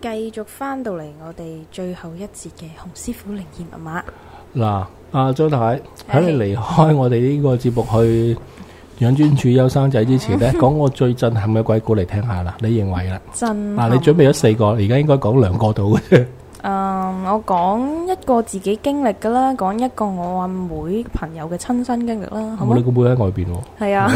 繼續翻到嚟我哋最後一節嘅洪師傅靈異密碼。嗱，阿張、啊、太喺你離開我哋呢個節目去養尊處優生仔之前咧，講 個最震撼嘅鬼故嚟聽下啦。你認為啦？震嗱、 啊，你準備咗四個， 該講兩個而家應該講兩個到嘅。嗯。我講一個自己經歷噶啦，講一個我阿妹，妹朋友嘅親身經歷啦，好唔、哦啊、 好？你個妹喺外邊喎。係啊，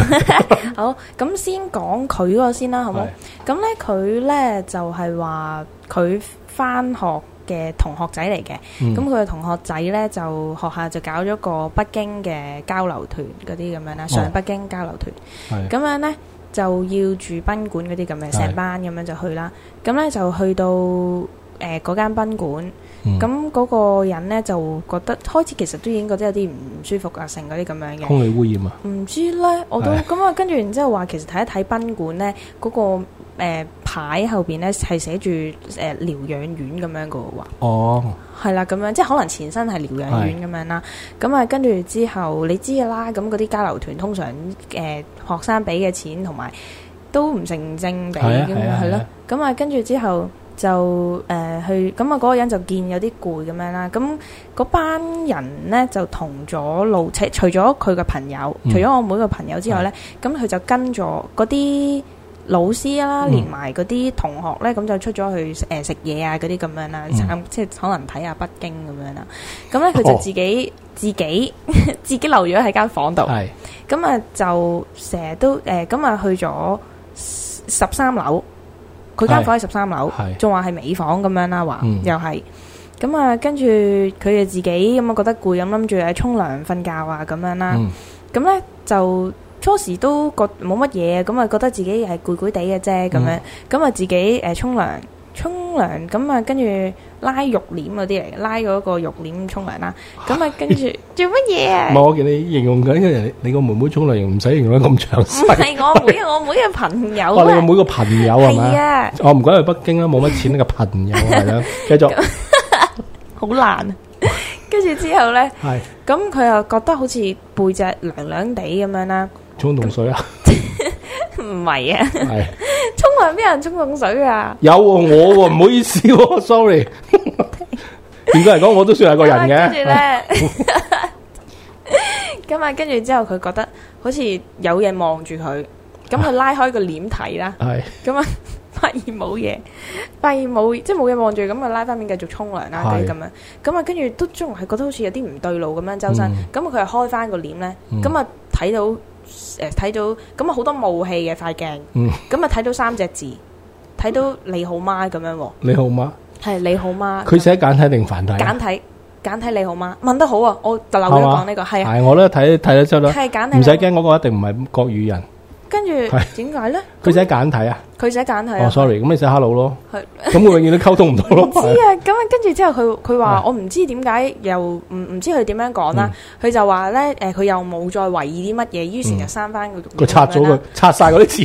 好，咁先講佢個先啦，好唔好？咁咧佢咧就係話佢翻學嘅同學仔嚟嘅，咁佢嘅同學仔咧就學校就搞咗個北京嘅交流團嗰啲咁樣啦，上北京交流團，咁、哦、樣咧就要住賓館嗰啲咁嘅，成是班咁樣就去啦。咁咧就去到誒嗰間賓館。咁嗰個人咧就覺得開始其實都已經覺得有啲唔舒服啊，成嗰啲咁樣嘅空氣污染啊。唔知咧，我都咁啊，跟住然之後話其實睇一睇賓館咧嗰個誒牌後邊咧係寫住誒療養院咁樣嘅喎。哦，係啦，咁樣即係可能前身係療養院咁樣啦。咁啊，跟住之後你知嘅啦，咁嗰啲交流團通常誒學生俾嘅錢同埋都唔成正比嘅，係咯。咁啊，跟住之後。就誒去咁啊！嗰個人就見有啲攰咁樣啦。咁嗰班人咧就同咗路，除咗佢嘅朋友，除咗我妹嘅朋友之外咧，咁佢就跟咗嗰啲老師啦，連埋嗰啲同學咧，咁就出咗去誒食嘢啊嗰啲咁樣啦，即係可能睇下北京咁樣啦。咁咧佢就自己自己自己留咗喺間房度。係咁啊，就成日都誒咁啊，去咗十三樓。佢間房喺十三樓，仲話係尾房咁樣啦，話又係咁啊。嗯、跟住佢哋自己咁啊，覺得攰咁諗住喺沖涼、瞓覺啊咁樣啦。咁咧、嗯、就初時都覺冇乜嘢，咁啊覺得自己係攰攰地嘅啫咁樣，咁啊、嗯、自己誒沖涼。沖涼咁啊，跟住拉肉簾嗰啲嚟，拉嗰個肉簾沖涼啦。咁啊，跟住 做乜嘢啊？唔係我見你形容緊嘅人，你個妹妹沖涼，唔使形容得咁長。唔係我妹，我妹嘅是朋友。我個、 啊、妹個朋友係咪？ 啊，我唔講去北京啦，冇乜錢嘅朋友係啦。繼、啊、續。好難。跟住之後咧呢，係咁佢又覺得好似背脊涼涼地咁樣啦。沖凍水啊？ 唔係啊，沖涼邊有人沖冷水啊？有我，唔好意思，sorry。嚴格嚟講，我都算係個人嘅。跟住咧，咁啊，跟住之後佢覺得好似有嘢望住佢，咁佢拉開個簾睇啦。係咁啊，發現冇嘢，發現冇即係冇嘢望住，咁啊拉翻面繼續沖涼啦，就係咁樣。咁啊，跟住都仲係覺得好似有啲唔對路咁樣周身。咁佢又開翻個簾咧，咁啊睇到。誒，睇到咁啊，好多霧氣嘅塊鏡，咁啊睇到三隻字，睇到你好嗎？咁樣喎，你好嗎係你好嗎，佢寫簡體定繁體？簡體簡體你好嗎，問得好啊，我就諗住講呢個係，係我都睇睇得出咯，係簡體，唔使驚，嗰個一定唔係國語人。跟住點解咧？佢寫簡體啊！佢寫簡體啊！哦，sorry，咁你寫 hello 咯，咁我永遠都溝通唔到咯。知啊，咁啊，跟住之後佢佢話我唔知點解又唔唔知佢點樣講啦。佢就話咧誒，佢又冇再懷疑啲乜嘢，於是就刪翻佢。佢拆咗佢，拆晒嗰啲字。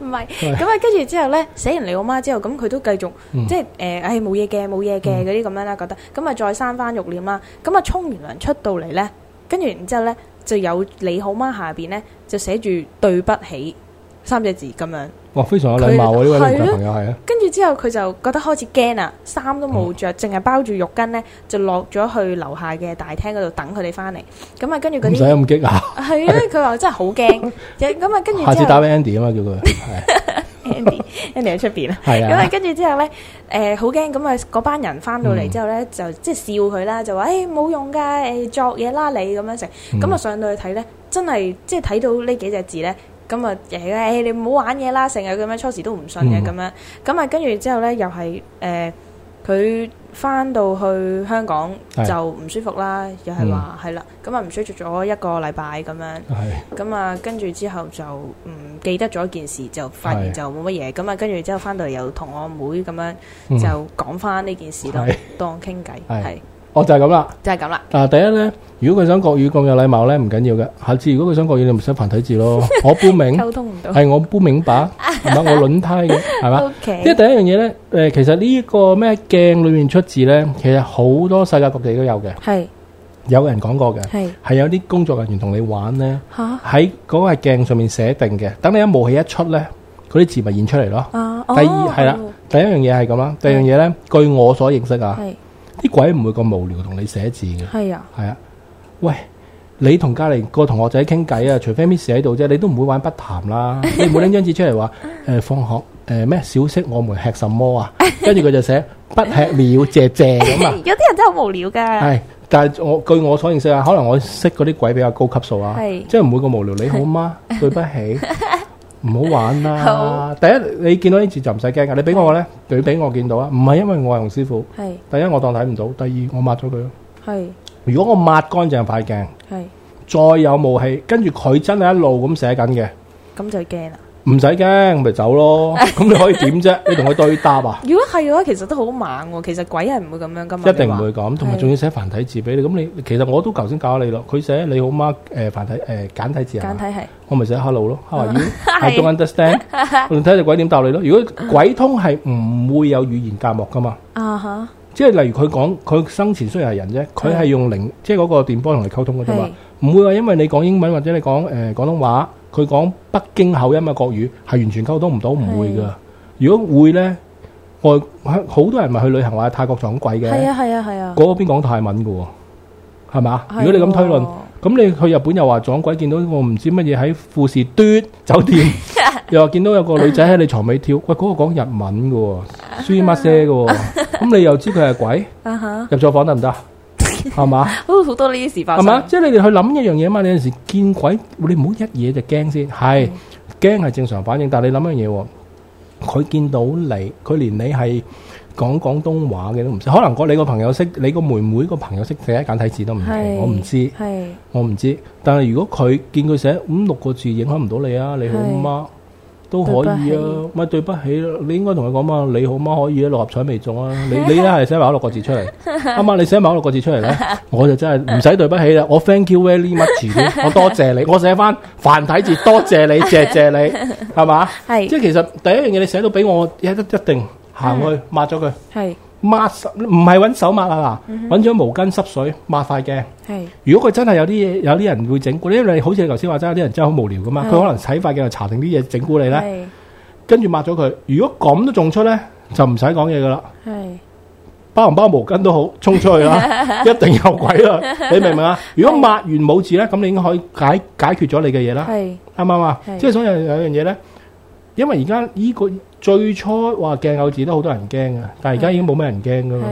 唔係，咁啊，跟住之後咧，寫完嚟我媽之後，咁佢都繼續即係誒，哎，冇嘢嘅，冇嘢嘅嗰啲咁樣啦，覺得咁啊，再刪翻肉念啦，咁啊，沖完涼出到嚟咧，跟住然之後咧。就有你好嗎？下邊咧就寫住對不起三隻字咁樣，哇非常有禮貌啊呢，他位朋友係啊，跟住之後佢就覺得開始驚啊，衫都冇、嗯、着，淨係包住浴巾咧就落咗去樓下嘅大廳嗰度等佢哋返嚟。咁啊跟住啲唔使咁激啊，係啊佢話真係好驚，咁啊跟住下次打俾 Andy 啊嘛叫佢。 跟住喺出邊啦，咁啊跟住之後咧，誒，好驚，咁啊嗰班人翻到嚟之後咧，就即係笑佢啦，就話，誒，冇用噶，誒，作嘢啦你咁樣食，咁啊、嗯、上到去睇咧，真係即係睇到呢幾隻字咧，咁啊，誒，你唔好玩嘢啦，成日咁樣初時都唔信嘅咁、嗯、樣，咁啊跟住之後咧，又係誒佢。呃翻到去香港就唔舒服啦，又係話係啦，咁啊唔舒服咗一個禮拜咁樣，咁啊跟住之後就唔記得咗件事，就發現就冇乜嘢，咁啊是跟住之後翻到嚟又同我妹咁樣、嗯、就講翻呢件事咯是，當當傾偈係。是是我就係咁啦，就係咁啦。嗱，第一咧，如果佢想國語咁有禮貌咧，唔緊要嘅。下次如果佢想國語，你唔使繁體字咯。我搬明，係我搬明白，係咪？我輪梯嘅，係嘛？即係第一樣嘢咧，誒，其實呢個咩鏡裏面出字咧，其實好多世界各地都有嘅。係有人講過嘅，係係有啲工作人員同你玩咧，喺嗰個鏡上面寫定嘅。等你一武器一出咧，嗰啲字咪現出嚟咯。第二係啦，第一樣嘢係咁啦，第二樣嘢咧，據我所認識啊。啲鬼唔會咁無聊同你寫字嘅，係啊，係啊，喂，你同隔籬個同學仔傾偈啊，除非 Miss 喺度啫，你都唔會玩筆談啦， 你唔會拎張紙出嚟話，誒、呃，放學，誒、呃、咩，小息我們吃什麼啊？跟住佢就寫不吃了謝謝咁啊，姐姐 有啲人真係好無聊噶，係、哎，但係我據我所認識啊，可能我識嗰啲鬼比較高級數啊，即係唔會咁無聊，你好嗎？對不起。唔好玩啦、啊！ 好第一，你見到呢次就唔使驚㗎。你俾我咧，佢俾、嗯、我見到啊。唔係因為我係洪師傅，是第一我當睇唔到，第二我抹咗佢咯。係是如果我抹乾淨塊鏡，係是再有霧氣，跟住佢真係一路咁寫緊嘅，咁、嗯、就驚啦。唔使驚，我咪走咯。咁你可以點啫？你同佢對答啊？如果係嘅話，其實都好猛喎。其實鬼係唔會咁樣噶嘛。一定唔會咁，同埋仲要寫繁體字俾你。咁你其實我都頭先教下你咯。佢寫你好嗎誒繁體誒簡體字啊。簡體係。我咪寫 hello 咯，hello I don't understand。你睇下鬼點答你咯？如果鬼通係唔會有語言隔膜噶嘛？啊哈！即係例如佢講，佢生前雖然係人啫，佢係用靈即係嗰個電波同你溝通嘅啫嘛。唔會話因為你講英文或者你講誒廣東話。佢講北京口音嘅國語係完全溝通唔到，唔會㗎。是的 如果會咧，外好多人咪去旅行話泰國撞鬼嘅。係啊係啊係啊！嗰邊講泰文㗎喎，係咪？是的 如果你咁推論，咁你去日本又話撞鬼，見到我唔知乜嘢喺富士端酒店， 又話見到有個女仔喺你床尾跳，喂嗰、嗰個講日文㗎，舒馬些嘅，咁你又知佢係鬼？ 入咗房得唔得？係嘛，好多好多呢啲事發生。係嘛，即係你哋去諗一樣嘢嘛。你有陣時見鬼，你唔好一嘢就驚先。係驚係正常反應，但係你諗一樣嘢，佢見到你，佢連你係講廣東話嘅都唔識。可能我你個朋友識，你個妹妹個朋友識寫簡體字都唔識。我唔知，我唔知。但係如果佢見佢寫五六個字，影響唔到你啊！你好嗎？都可以啊，咪對不起咯、啊，你應該同佢講啊，你好嗎？可以啊，六合彩未中啊， 你你咧係寫埋嗰六個字出嚟，啱啱、 啊、你寫埋嗰六個字出嚟咧，我就真係唔使對不起啦，我 thank you very much 你，我多謝你，我寫翻繁體字多謝你，謝謝你，係嘛？係，即係其實第一樣嘢你寫到俾我，一一定行去、嗯、抹咗佢。係。抹，唔係搵手抹啊，嗱，搵咗毛巾濕水抹塊鏡。係，如果佢真係有啲嘢，有啲人會整蠱你，因為好似你頭先話齋，有啲人真係好無聊噶嘛。佢可能洗塊鏡嚟查定啲嘢整蠱你咧，跟住抹咗佢。如果咁都仲出咧，就唔使講嘢噶啦。係，包唔包毛巾都好，衝出去啦，一定有鬼啦。你明唔明啊？如果抹完冇字咧，咁你已經可以解解決咗你嘅嘢啦。係，啱唔啱啊？即係仲有兩樣嘢咧。因為而家呢個最初話鏡偶字都好多人驚嘅，但係而家已經冇咩人驚噶啦，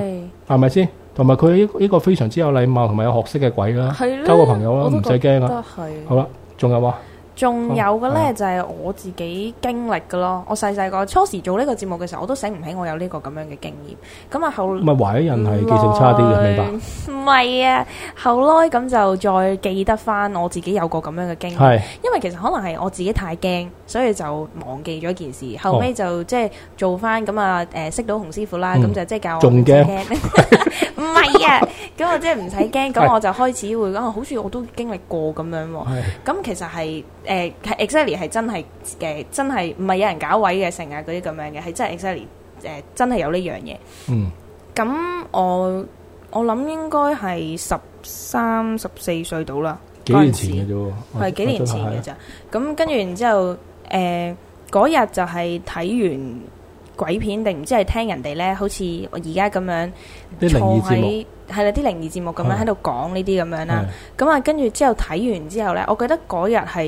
係咪先？同埋佢一一個非常之有禮貌同埋有學識嘅鬼啦，的交個朋友啦，唔使驚啦。好啦，仲有嘛？仲有嘅咧就係我自己經歷嘅咯，我細細個初時做呢個節目嘅時候，我都醒唔起我有呢個咁樣嘅經驗。咁啊後唔係壞人係記性差啲嘅，明白？唔係啊，後嚟咁就再記得翻我自己有個咁樣嘅經驗。係，因為其實可能係我自己太驚，所以就忘記咗件事。後尾就即係做翻咁啊，誒識到洪師傅啦，咁就即係教我。仲驚？唔係啊，咁我即係唔使驚，咁我就開始會，我好似我都經歷過咁樣。係，咁其實係。誒係、呃、exactly 係、really，真係誒真係唔係有人搞位嘅，成日嗰啲咁樣嘅，係真係 exactly 誒、呃、真係有呢樣嘢。嗯，咁我我諗應該係十三十四歲到啦。幾年前嘅啫喎，係、嗯、幾年前嘅咋。咁跟住然之後誒嗰日就係睇完。鬼片定唔知係聽人哋咧，好似我而家咁樣坐喺異係啦啲靈異節目咁樣喺度講呢啲咁樣啦。咁啊，跟住之後睇完之後咧，我記得嗰日係誒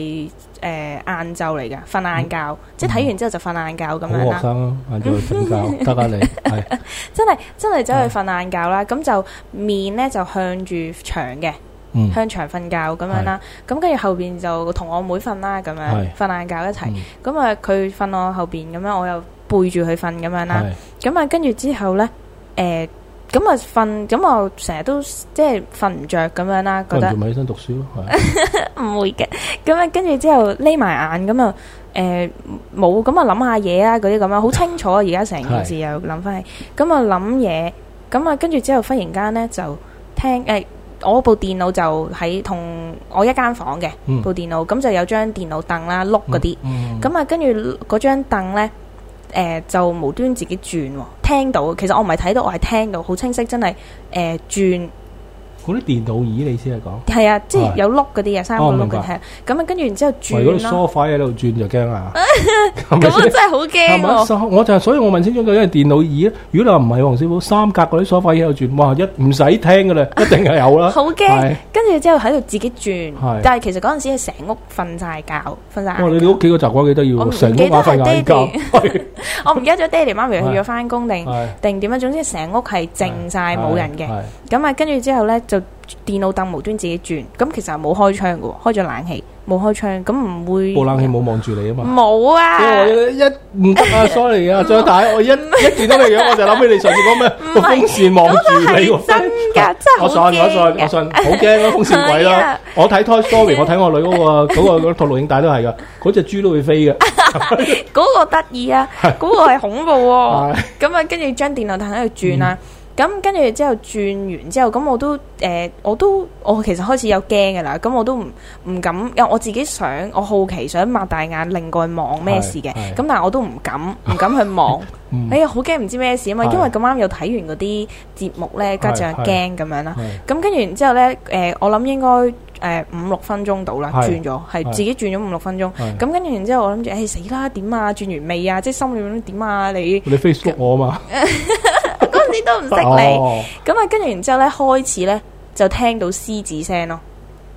晏晝嚟嘅，瞓晏覺，即係睇完之後就瞓晏覺咁樣啦。好學生啊，晏晝瞓覺得翻嚟，真係真係走去瞓晏覺啦。咁就面咧就向住牆嘅，向牆瞓覺咁樣啦。咁跟住後邊就同我妹瞓啦，咁樣瞓晏覺一齊。咁啊，佢瞓我後邊咁樣，我又。背住佢瞓咁樣啦，咁啊跟住之後呢，誒咁啊瞓，咁我成日都即係瞓唔着咁樣啦，覺得起身讀書咯，唔 會嘅。咁啊跟住之後 mind,、嗯，匿埋眼，咁啊誒冇咁啊諗下嘢啊嗰啲咁樣，好清楚啊，而家成件事又諗翻起，咁啊諗嘢，咁啊跟住之後忽然間呢，就聽誒我部電腦就喺同我一間房嘅部電腦，咁就有張電腦凳啦，碌嗰啲，咁啊跟住嗰張凳呢。誒、呃、就無端自己轉喎、哦，聽到其實我唔係睇到，我係聽到好清晰，真係誒、呃、轉。嗰啲電腦椅你先係講，係啊，即係有碌嗰啲啊，三個碌嘅係，咁啊跟住然之後轉咯。係啲梳化喺度轉就驚啦，咁啊真係好驚，我就所以我問清楚，因為電腦椅啊。如果你話唔係黃師傅三格嗰啲梳化喺度轉，哇一唔使聽嘅啦，一定係有啦。好驚。跟住之後喺度自己轉，但係其實嗰陣時係成屋瞓晒覺，瞓曬。哇！你屋企個習慣幾得意喎，成屋瞓曬覺。我唔記得係爹哋，我唔記得咗爹哋媽咪去咗翻工定定點樣？總之成屋係靜晒冇人嘅，咁啊跟住之後咧就。電腦凳無端自己轉，咁其實係冇開窗嘅，開咗冷氣，冇開窗，咁唔會。部冷氣冇望住你啊嘛。冇啊！一唔得啊，sorry 啊，再睇我一一見到你樣，我就諗起你上次講咩風扇望住你。真噶，真我我信我信，好驚啊，風扇鬼啦！我睇拖 sorry 我睇我女嗰個嗰個套錄影帶都係噶，嗰隻豬都會飛嘅。嗰個得意啊，嗰個係恐怖。咁啊，跟住將電腦凳喺度轉啊。咁跟住之後轉完之後，咁我都誒、呃，我都我其實開始有驚㗎啦。咁我都唔唔敢，因為我自己想，我好奇想擘大眼另外望咩事嘅。咁是是 但係我都唔敢，唔敢去望。 哎呀，好驚唔知咩事啊嘛！因為咁啱又睇完嗰啲節目咧，加上驚咁樣啦。咁跟住然之後咧，誒、呃、我諗應該誒五六分鐘到啦，轉咗係自己轉咗五六分鐘。咁跟住然之後，我諗住誒死啦，點、欸、啊轉完未啊？即係心裏邊點啊你？你 Facebook 我啊嘛？ 都唔識你，咁啊，跟住然之後咧，開始咧就聽到獅子聲咯，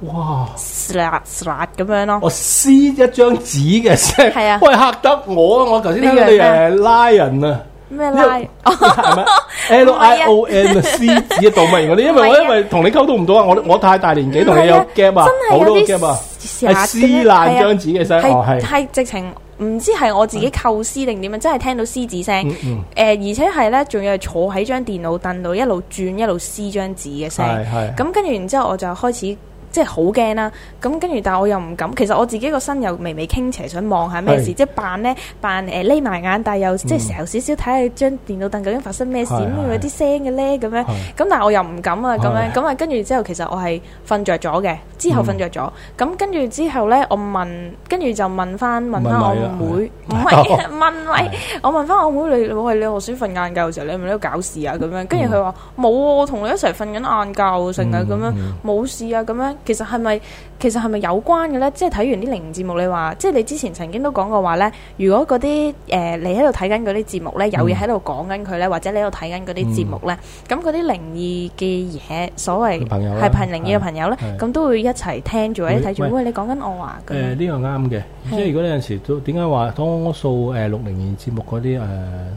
哇 s l 咁樣咯，我撕一張紙嘅聲，係啊，喂，吓得我，我頭先聽你誒，lion 啊，咩 lion？L I O N 啊，獅子啊，讀唔明嗰啲，因為因為同你溝通唔到啊，我我太大年紀同你有 game 啊，真係好多 game 啊，係撕爛張紙嘅聲，係係直情。唔知係我自己構思定點樣，真係聽到撕紙聲。誒、嗯嗯呃，而且係咧，仲要係坐喺張電腦凳度，一路轉一路撕張紙嘅聲。咁、嗯嗯、跟住然之後，我就開始。即係好驚啦，咁跟住，但我又唔敢。其實我自己個身又微微傾斜，想望下咩事。即係扮咧扮誒，匿埋眼，但係又即係成日少少睇下張電腦凳究竟發生咩事？點解有啲聲嘅咧？咁樣咁，但係我又唔敢啊！咁樣咁啊，跟住之後，其實我係瞓着咗嘅。之後瞓着咗，咁跟住之後咧，我問，跟住就問翻問翻我妹，唔係問咪？我問翻我妹，你你係你何時瞓晏覺嘅時候咧？你咪喺度搞事啊？咁樣跟住佢話冇啊，我同你一齊瞓緊晏覺，成日咁樣冇事啊，咁樣。其實係咪其實係咪有關嘅咧？即係睇完啲靈異節目，你話即係你之前曾經都講過話咧。如果嗰啲誒你喺度睇緊嗰啲節目咧，有意喺度講緊佢咧，或者你喺度睇緊嗰啲節目咧，咁嗰啲靈異嘅嘢，所謂朋友係憑靈異嘅朋友咧，咁都會一齊聽住或者睇住。喂，你講緊我啊？誒，呢個啱嘅。即係如果有陣時點解話多數誒六零年節目嗰啲誒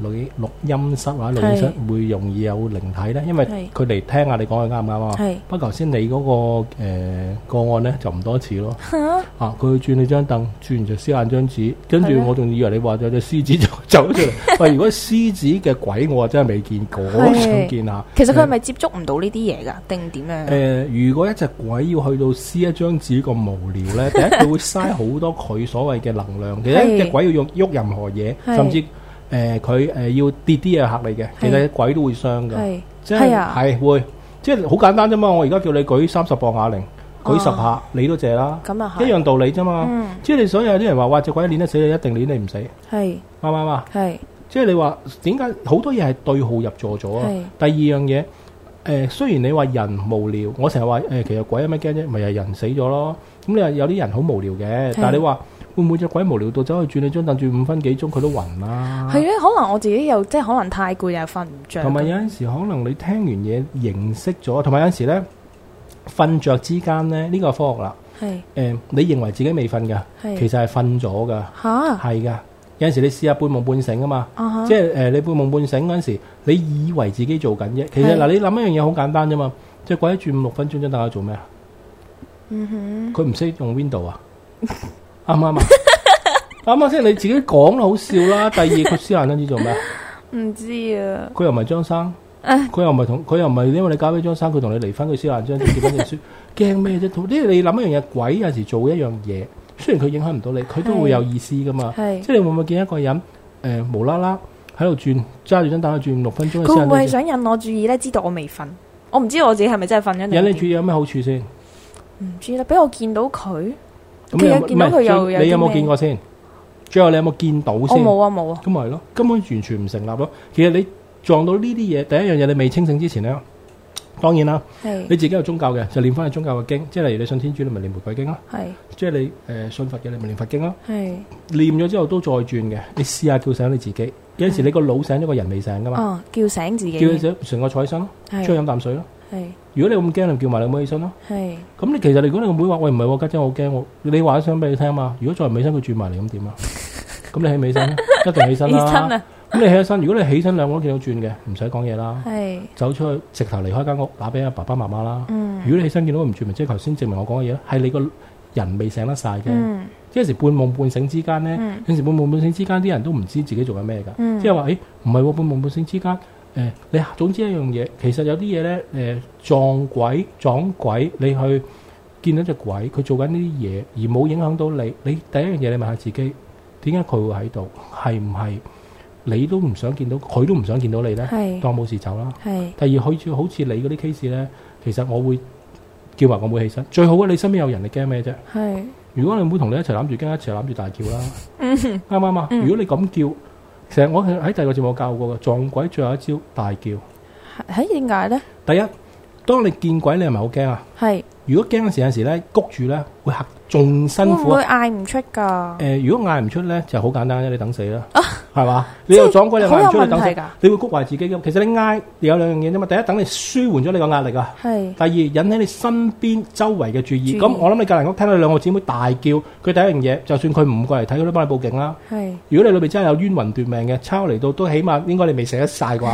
錄錄音室或者錄音室會容易有靈體咧？因為佢哋聽下你講嘅啱唔啱啊？不過頭先你嗰個誒。誒，個案咧就唔多似咯，啊，佢會轉你張凳，轉完就撕爛張紙，跟住我仲以為你話有隻獅子走走出嚟。喂，如果獅子嘅鬼，我真係未見過，想見下。其實佢係咪接觸唔到呢啲嘢噶，定點樣？誒，如果一隻鬼要去到撕一張紙咁無聊咧，第一佢會嘥好多佢所謂嘅能量。其實一隻鬼要用喐任何嘢，甚至誒，佢誒要跌啲嘢嚇你嘅，其實鬼都會傷嘅。係，即係係會，即係好簡單啫嘛。我而家叫你舉三十磅啞鈴。舉十下，啊、你都謝啦，樣一樣道理啫嘛。嗯、即係你所有啲人話：哇！隻鬼捻得死你，你一定捻你唔死，啱啱啊？係，是即係你話點解好多嘢係對號入座咗啊？是第二樣嘢，誒、呃、雖然你話人無聊，我成日話誒其實鬼有咩驚啫？咪、就、係、是、人死咗咯。咁你話有啲人好無聊嘅，是但係你話會唔會隻鬼無聊到走去轉你張凳轉五分幾鐘佢都暈啦？係啊，可能我自己又即係可能太攰又瞓唔着。同埋有陣時可能你聽完嘢認識咗，同埋有陣時咧。瞓着之間咧，呢個科學啦。係，誒，你認為自己未瞓噶，其實係瞓咗噶。吓，係噶。有陣時你試下半夢半醒啊嘛。即係誒，你半夢半醒嗰陣時，你以為自己做緊啫。其實嗱，你諗一樣嘢好簡單啫嘛。即係鬼住五六分鐘，張大家做咩啊？嗯哼，佢唔識用 Window 啊？啱唔啱啊？啱啱先你自己講都好笑啦。第二佢思閒咗呢，做咩啊？唔知啊。佢又唔係張生。佢又唔係同佢又唔係，因為你交俾張生，佢同你離婚，佢撕爛張結婚證書，驚咩啫？啲你諗一樣嘢，鬼有時做一樣嘢，雖然佢影響唔到你，佢都會有意思噶嘛。即係你會唔會見一個人誒，無啦啦喺度轉，揸住張凳，喺度轉六分鐘嘅時間。佢會唔會想引我注意咧？知道我未瞓，我唔知我自己係咪真係瞓緊。引你注意有咩好處先？唔知啦，俾我見到佢，見到佢有。你有冇見過先？最後你有冇見到先？我冇啊，冇啊。咁咪係咯，根本完全唔成立咯。其實你。撞到呢啲嘢，第一樣嘢你未清醒之前咧，當然啦，你自己有宗教嘅，就唸翻有宗教嘅經，即係例如你信天主，你咪唸玫瑰經咯，即係你誒信佛嘅，你咪唸佛經咯。唸咗之後都再轉嘅，你試下叫醒你自己。有陣時你個腦醒咗，個人未醒噶嘛，叫醒自己，叫醒成個坐起身咯，出去飲啖水咯。如果你咁驚，就叫埋你妹起身咯。咁你其實如果你個妹話：喂，唔係，家姐我驚，我你話咗聲俾你聽嘛。如果再唔起身佢轉埋嚟咁點啊？咁你起唔起身，一定起身啦。咁你起身，如果你起身兩個都見到轉嘅，唔使講嘢啦。係是走出去，直頭離開間屋，打俾阿爸爸媽媽啦。嗯，如果你起身見到唔轉，咪即係頭先證明我講嘅嘢咯。係你個人未醒得晒嘅，嗯、即有時半夢半醒之間咧，有時、嗯、半夢半醒之間啲人都唔知自己做緊咩㗎。嗯、即係話誒，唔係喎，半夢半醒之間，誒、呃、你總之一樣嘢。其實有啲嘢咧，誒、呃、撞鬼撞鬼，你去見到隻鬼，佢做緊呢啲嘢，而冇影響到你，你。你第一樣嘢，你問下自己，點解佢會喺度？係唔係？你都唔想見到，佢都唔想見到你咧。是當冇事走啦。是第二好似好似你嗰啲 case 咧，其實我會叫埋我妹起身。最好啊，你身邊有人，你驚咩啫？是如果你妹同你一齊攬住驚，一齊攬住大叫啦。啱唔啱啊？嗯、如果你咁叫，成日我喺第二個節目教過嘅撞鬼最後一招大叫。喺點解咧？第一，當你見鬼，你係咪好驚啊？係。如果驚嗰陣時咧，谷住咧會嚇仲辛苦。會唔會嗌唔出㗎？誒，如果嗌唔出咧，就好簡單啫，你等死啦。 係嘛是？你又撞鬼嚟還出去等死先，你會谷壞自己嘅。其實你嗌有兩樣嘢啫嘛。第一，等你舒緩咗你個壓力啊。係是。第二，引起你身邊周圍嘅注意。咁意我諗你隔籬屋聽到兩個姊妹大叫，佢第一樣嘢，就算佢唔過嚟睇，佢都幫你報警啦。係是。如果你裏邊真係有冤魂斷命嘅抄嚟到，都起碼應該你未死得晒啩？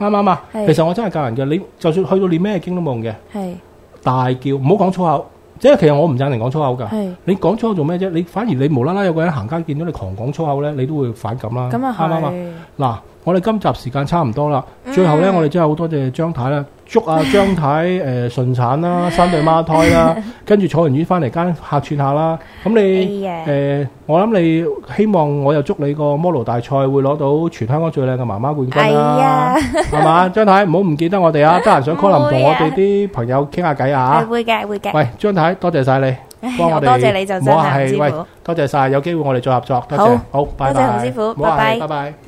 啱唔啱啊？是其實我真係教人嘅，你就算去到練咩經都冇用嘅，係是是大叫，唔好講粗口。即係其實我唔贊成講粗口㗎，是你講粗口做咩啫？你反而你無啦啦有個人行街見到你狂講粗口咧，你都會反感啦，啱啱嘛？嗱嗎， 我哋今集時間差唔多啦，最後咧、嗯、我哋真係好多謝張太啦。祝阿張太誒順產啦，生對孖胎啦，跟住坐完月翻嚟間客串下啦。咁你誒，我諗你希望我又祝你個摩羅大賽會攞到全香港最靚嘅媽媽冠軍啦，係嘛？張太唔好唔記得我哋啊，得閒上科林同我哋啲朋友傾下偈啊嚇。會嘅會嘅。喂，張太，多謝晒你，幫我哋。多謝你就真係。唔好話係喂，多謝晒，有機會我哋再合作。多謝好，多謝洪師傅，拜拜，拜拜。